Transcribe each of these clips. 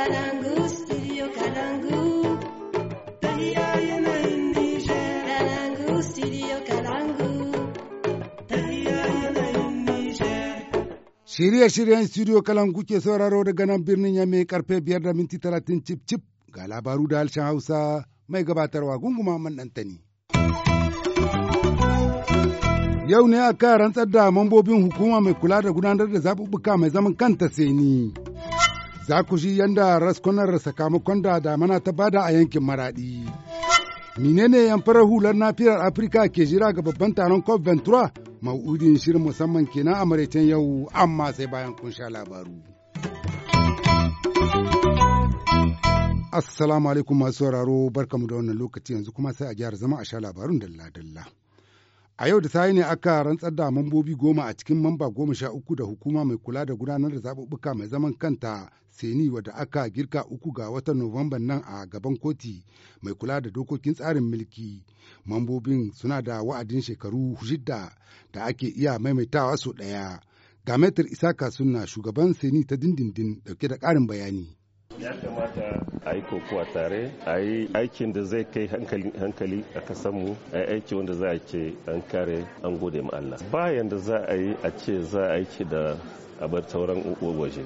Kalangu, studio Kalangu. studio Kalangu. Shirye-shiryen studio Kalangu ke sauraro daga nan birnin Yame karfe biyar da minti talatin cip cip ga labaru da harshen Hausa mai gabatarwa gunguma man ɗantani. Yau ne aka rantsar da mambobin hukuma mai kula da gudanar da zaɓuɓɓuka mai zaman kanta seni. za ku shi yanda raskunar sakamakon da damana ta bada a yankin maraɗi. Menene yamfarar hular nafiyar Afirka ke jira ga babban taron COP Ventura? Ma'udin shirin musamman kenan a maraicen yau amma sai bayan kun sha labaru. Assalamu alaikum masu sauraro barkamu da wannan lokaci yanzu kuma sai a gyara zama a sha labarun dalla-dalla. A yau da yi ne aka rantsar da mambobi goma a cikin mamba goma sha uku da hukuma mai kula da gudanar da zaɓuɓɓuka mai zaman kanta Seni wadda aka girka uku ga watan Nuwamban nan a gaban koti mai kula da dokokin tsarin mulki. Mambobin suna da wa'adin shekaru shidda da ake iya maimaitawa sau ɗaya. Ga Isaka suna shugaban Seni ta dindindin ɗauke da ƙarin bayani. ya kamata a yi kokowa tare a yi aikin da zai kai hankali a kasanmu a yi aiki wanda za a ce an kare an gode ma Allah bayan da za a yi a ce za a aiki da a bar sauran waje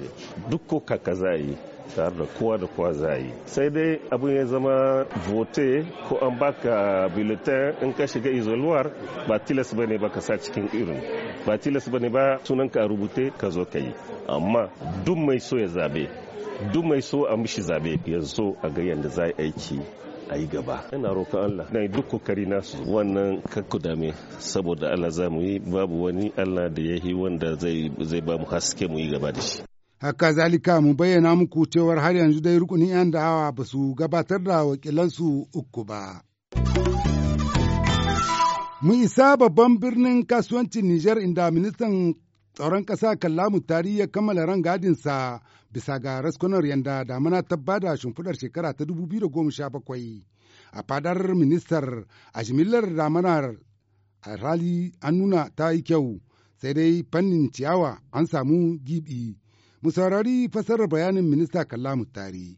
duk ko kaka za a yi tare da kowa da kowa za yi sai dai abin ya zama vote ko an baka bulletin in ka shiga izoluwar ba tilas ba ne ba ka sa cikin irin ba tilas ba ne ba sunan ka rubute ka zo ka yi amma duk mai so ya zabe duk mai so a mishi zabe yanzu a ga yanda za aiki a yi gaba ina roƙon Allah na yi duk kokari nasu wannan kakku dame saboda Allah za mu yi babu wani Allah da ya yi wanda zai ba mu haske mu yi gaba da shi haka zalika mu bayyana muku cewar har yanzu dai rukunin 'yan hawa ba su gabatar da wakilansu uku ba. Mu isa babban birnin kasuwancin Nijar inda ministan tsaron ƙasa Kallamu Tari ya kammala sa. bisa ga raskunar yanda damana ta bada shimfiɗar shekara ta 2017 a fadar ministar a jimillar damunar a rali an nuna ta yi kyau sai dai fannin ciyawa an samu gibi mu saurari fasarar bayanin minista kallamu tare.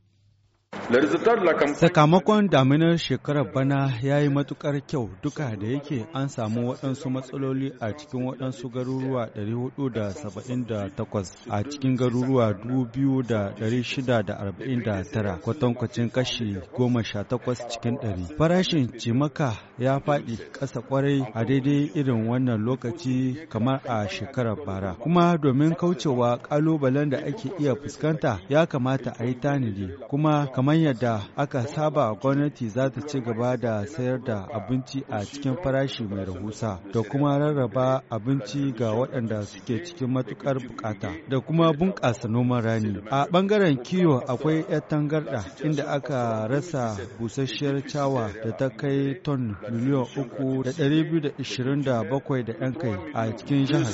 Sakamakon daminar shekarar bana ya yi matukar kyau duka da yake an samu waɗansu matsaloli a cikin waɗansu garuruwa 478 a cikin garuruwa 2,649 kwatankwacin kashi 18 cikin 100. Farashin cimaka ya faɗi ƙasa kwarai a daidai irin wannan lokaci kamar a shekarar bara. Kuma domin kaucewa ƙalubalen da ake iya fuskanta ya kamata a yi tanadi kuma kamar yadda aka saba gwamnati za ta ci gaba da sayar da abinci a cikin farashi mai rahusa da kuma rarraba abinci ga waɗanda suke cikin matukar bukata da kuma bunƙasa noman rani a ɓangaren kiwo akwai 'yar tangarɗa inda aka rasa busasshiyar cawa da ta kai ton miliyan uku da ɗari biyu da ishirin da bakwai da 'yan kai a cikin jihar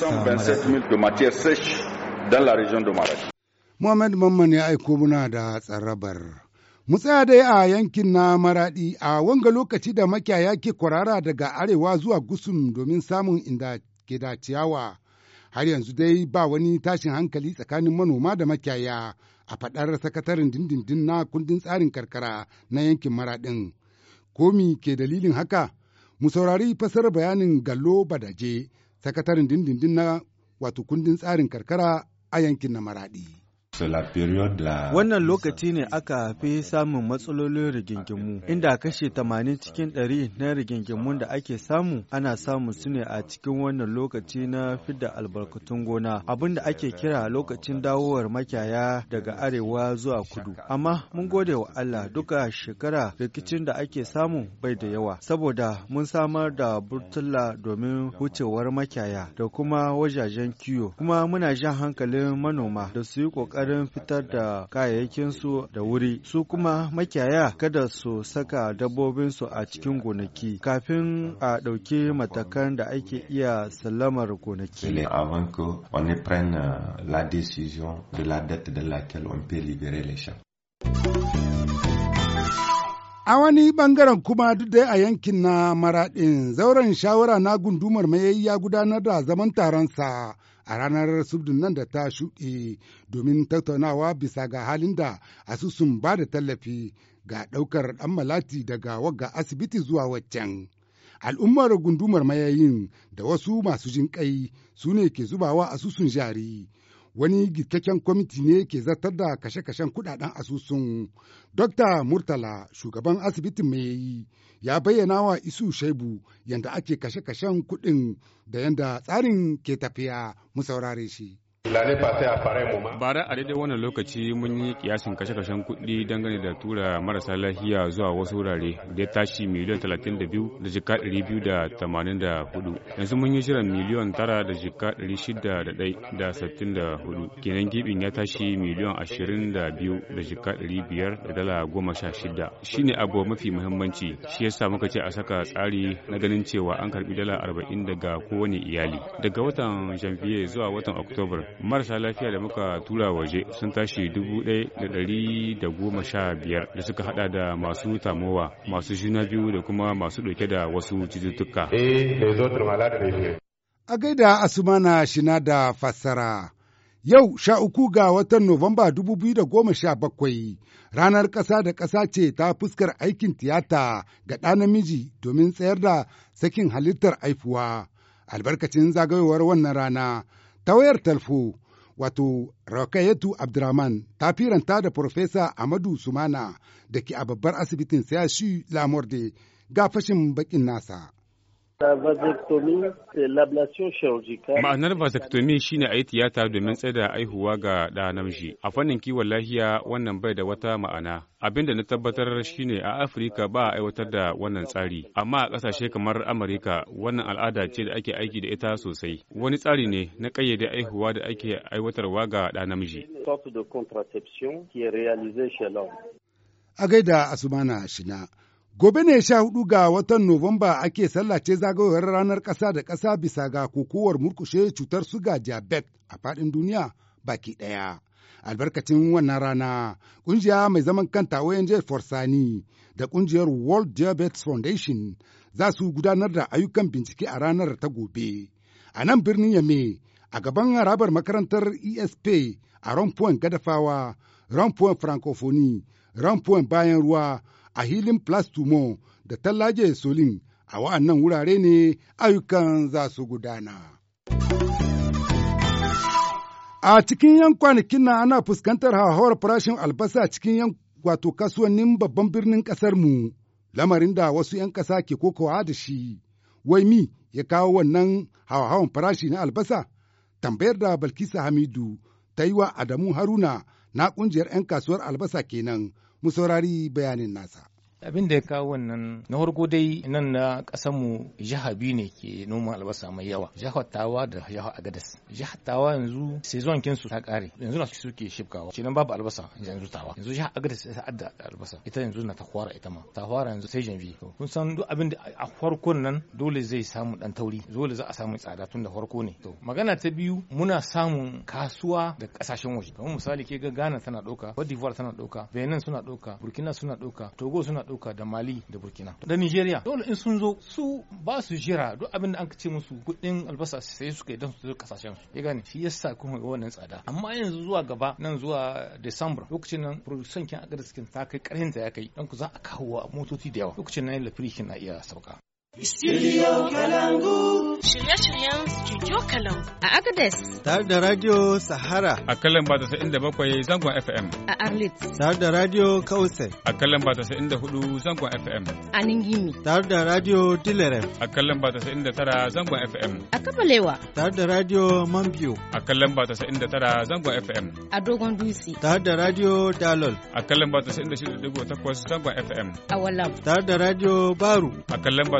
Muhammad Mamman ya aiko muna da tsarabar. Mu tsaya dai a yankin na maraɗi a wanga lokaci da makiyaya ke kwarara daga arewa zuwa gusum domin samun inda ke da ciyawa. Har yanzu dai ba wani tashin hankali tsakanin manoma da makiyaya a faɗar sakataren dindindin na kundin tsarin karkara na yankin maraɗin. Komi ke dalilin haka? Mu saurari fasar bayanin Gallo Badaje, sakataren dindindin na wato kundin tsarin karkara a yankin na maraɗi. Wannan lokaci ne aka fi samun matsalolin rigingimu, inda kashe 80 cikin 100 na rigingimu da ake samu ana samu su ne a cikin wannan lokaci na fidda albarkatun gona, abin da ake kira lokacin dawowar makiyaya daga arewa zuwa kudu. Amma mun gode wa Allah duka shekara rikicin da ake samu bai da yawa, saboda mun samar da burtula domin wucewar makiyaya da kuma wajajen kiwo, kuma muna jan hankalin manoma da su yi ƙoƙari ƙoƙarin fitar da kayayyakinsu da wuri su kuma makiyaya kada su saka dabbobinsu a cikin gonaki kafin a ɗauki matakan da ake iya sallamar gonaki euh, A wani ɓangaren kuma duk dai a yankin na maraɗin zauren shawara na gundumar mai ya gudanar da zaman taron sa. a ranar subdin nan da ta shuɗe domin tattaunawa bisa ga halin da asusun ba da tallafi ga ɗaukar ɗan malati daga wagga asibiti zuwa waccan. Al'ummar gundumar mayayin da wasu masu jinƙai su ne ke zubawa asusun jari wani gikakken kwamiti ne ke zartar da kashe-kashen kudaden asusun. Dr. Murtala, shugaban asibitin mai yi, ya bayyana wa isu shaibu yadda ake kashe-kashen kudin da yadda tsarin ke tafiya mu saurare shi. Bara a daidai wannan lokaci mun yi kiyasin kashe-kashen kuɗi dangane da tura marasa lafiya zuwa wasu wurare da ya tashi miliyan 32 da jika 284. Yanzu mun yi shirin miliyan 9 da jika 661. da 64. Kenan gibin ya tashi miliyan 22 da jika 500 da dala 16. Shi ne abu mafi muhimmanci shi yasa muka ce a saka tsari na ganin cewa an karbi dala 40 daga kowane iyali. Daga watan janvier zuwa watan Oktoba marasa lafiya da muka tura waje sun tashi dubu ɗaya da ɗari da goma sha biyar da suka haɗa da masu tamowa masu juna biyu da kuma masu ɗauke da wasu cututtuka. A gaida Asumana Shina da fassara. Yau sha uku ga watan Nuwamba dubu biyu da goma sha bakwai ranar ƙasa da ƙasa ce ta fuskar aikin tiyata ga ɗa namiji domin tsayar da sakin halittar haifuwa. Albarkacin zagayowar wannan rana ta wayar talfo wato Rakayatu Abdurrahman ta firanta da Profesa Amadu Sumana da ke a babbar asibitin Sayashi Lamorde ga fashin bakin nasa. Ma'anar vasectomy shine a yi tiyata domin tsaida aihuwa ga ɗa namiji. A fannin kiwon lahiya wannan bai da wata ma'ana. Abin da na tabbatar shi ne a Afirka ba a aiwatar da wannan tsari, amma a ƙasashe kamar Amurka wannan al'ada ce da ake aiki da ita sosai. Wani tsari ne na ƙayyade aihuwa da ake aiwatarwa ga ɗa namiji. A gaida Asumana Shina. Gobe ne sha hudu ga watan Nuwamba ake sallace zagayowar ranar ƙasa da ƙasa bisa ga kokowar murkushe cutar suga diabet a faɗin duniya baki ɗaya. Albarkacin wannan rana, ƙungiya mai zaman kanta ONG Forsani da ƙungiyar World Diabetes Foundation za su gudanar da ayyukan bincike a ranar ta gobe. A nan birnin Yame, a gaban harabar makarantar ESP a Rampoint Gadafawa, Rampoint Francophonie, Rampoint Bayan Ruwa, a hilin Tumo da Tallaje Solin a wa'annan wurare ne ayyukan za su gudana. A cikin yan kwanakin na, ana fuskantar hauhawar farashin albasa cikin yan wato kasuwannin babban birnin ƙasar mu, lamarin da wasu 'yan ƙasa ke kokowa da shi. Wai mi ya kawo wannan hauhawan farashi na albasa? Tambayar da Balkisa Hamidu ta yi wa Adamu Haruna na ƙungiyar 'yan kasuwar albasa kenan mu saurari bayanin nasa. abin da ya kawo wannan na farko dai nan na kasar mu jiha biyu ne ke noma albasa mai yawa jihar tawa da jihar agadas jihar tawa yanzu sezon kinsu ta kare yanzu na suke shibkawa kenan babu albasa yanzu tawa yanzu jihar agadas ta adda albasa ita yanzu na ta fara ita ma ta fara yanzu sai janvi kun san duk abin da a farkon nan dole zai samu dan tauri dole za a samu tsada tun da farko ne to magana ta biyu muna samun kasuwa da kasashen waje kamar misali ke ga Ghana tana doka. Cote d'Ivoire tana doka. Benin suna doka Burkina suna doka Togo suna dauka da mali da burkina da nigeria dole in sun zo su ba su jira duk abin da an ce musu kuɗin albasa sai su kai don su zo kasashen su ya gane shi yasa kuma ga wannan tsada amma yanzu zuwa gaba nan zuwa december lokacin nan production kin agarsikin ta kai karhin ta ya kai dan ku za a kawo motoci da yawa lokacin nan lafirikin na iya sauka Studio Kalangu. Shirye-shiryen Studio Kalangu. A Agadez. Tare da Radio Sahara. A kalan ba da bakwai zangon FM. A Arlit. Tare da Radio Kausai. A kalan ba da hudu zangon FM. A Ningimi. Tare da Radio Dilerem. A kalan ba da tara zangon FM. A Kabalewa. Tare da Radio Mambiyo. A kalan ba da tara zangon FM. A Dogon Dutse. Tare da Radio Dalol. A kalan ba inda shida digo takwas zangon FM. A Walam. Tare da Radio Baru. A kalan ba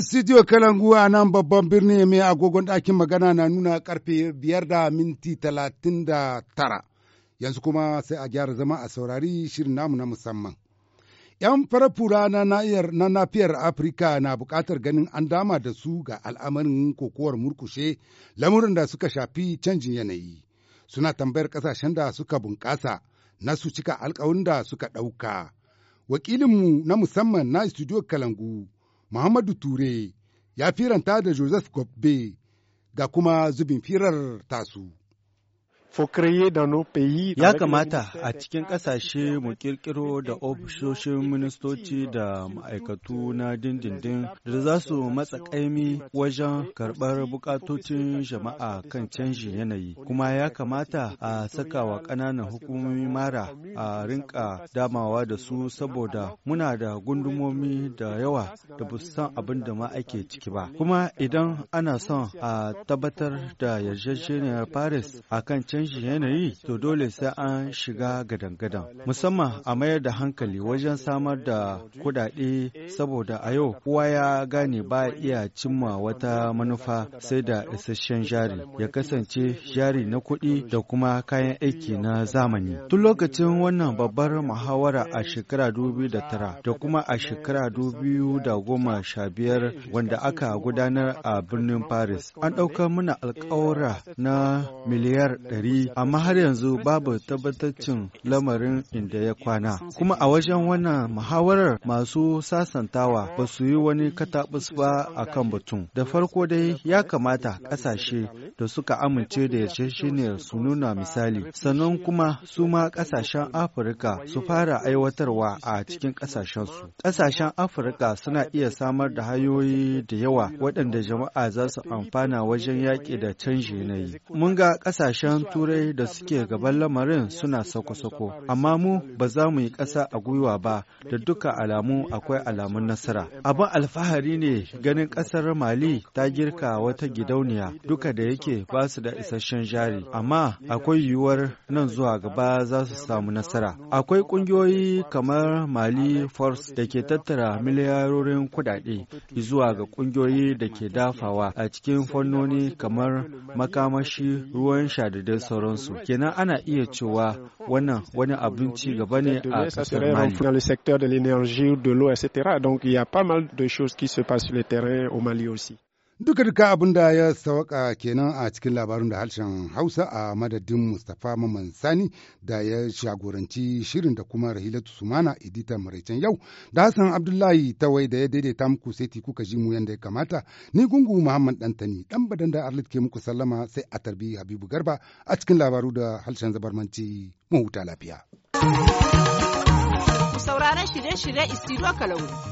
Studio Kalangu a nan babban birni mai agogon ɗakin magana na nuna karfe biyar da minti talatin da tara. Yanzu kuma sai a gyara zama a saurari shirin namu na musamman. 'Yan farafura na nafiyar Afirka na buƙatar ganin an dama da su ga al'amarin kokowar murkushe lamurin da suka shafi canjin yanayi. Suna tambayar ƙasashen da suka bunƙasa na su cika alƙawun da suka ɗauka. Wakilinmu na musamman na Studio Kalangu. Muhammadu Ture ya firanta da Joseph Gobbe ga kuma zubin firar tasu. Ya kamata a cikin ƙasashe mu kirkiro da ofisoshin ministoci da ma'aikatu na dindindin da za su matsa ƙaimi wajen karɓar bukatocin jama'a kan canji yanayi. Kuma ya kamata a saka wa ƙananan hukumomi mara a rinka damawa da su saboda muna da gundumomi da yawa da ba san abin da ma ake ciki ba. Kuma idan ana son a tabbatar da yarjejeniyar Paris a kan canjin canji yanayi to dole sai an shiga gadan-gadan musamman a mayar da hankali wajen samar da kudade saboda a yau kowa ya gane ba iya cimma wata manufa sai da isasshen jari ya kasance jari na kuɗi da kuma kayan aiki na zamani tun lokacin wannan babbar muhawara a shekara 2009 da kuma a shekara biyar wanda aka gudanar a birnin paris an ɗauka mana alƙawura na miliyar 100 yi amma har yanzu babu tabbataccen lamarin inda ya kwana kuma a wajen wannan muhawarar masu sasantawa ba su yi wani kataɓus ba a kan batun da farko dai ya kamata ƙasashe da suka amince da yarjejeniyar su nuna misali sannan kuma su ma ƙasashen afirka su fara aiwatarwa a cikin ƙasashensu ƙasashen afirka suna iya samar da hanyoyi da yawa waɗanda jama'a za su amfana wajen yaƙi da canji yanayi mun ga ƙasashen turai turai da suke gaban lamarin suna sako-sako amma mu ba za mu yi ƙasa a gwiwa ba da duka alamu akwai alamun nasara abin alfahari ne ganin ƙasar mali ta girka wata gidauniya duka da yake ba su da isasshen jari amma akwai yiwuwar nan zuwa gaba za su samu nasara akwai ƙungiyoyi kamar mali force da ke tattara miliyarorin kuɗaɗe zuwa ga ƙungiyoyi da ke dafawa a cikin fannoni kamar makamashi ruwan sha da Ça kenan ana iya cewa wannan wani ou gaba ne a Donc il y a pas mal de choses qui se passent sur le terrain au Mali aussi. Duka duka abin da ya sauka kenan a cikin labarin da harshen Hausa a madadin Mustapha Maman Sani da ya shagoranci shirin da kuma Rahilatu Sumana editan maraicen yau da Hassan Abdullahi Tawai da ya daidaita muku sai kuka ji mu yadda ya kamata ni gungu Muhammad Dantani dan badan da Arlit ke muku sallama sai a tarbi Habibu Garba a cikin labaru da harshen zabarmanci mu huta lafiya. Sauraron shirye-shirye Isiro Kalangu.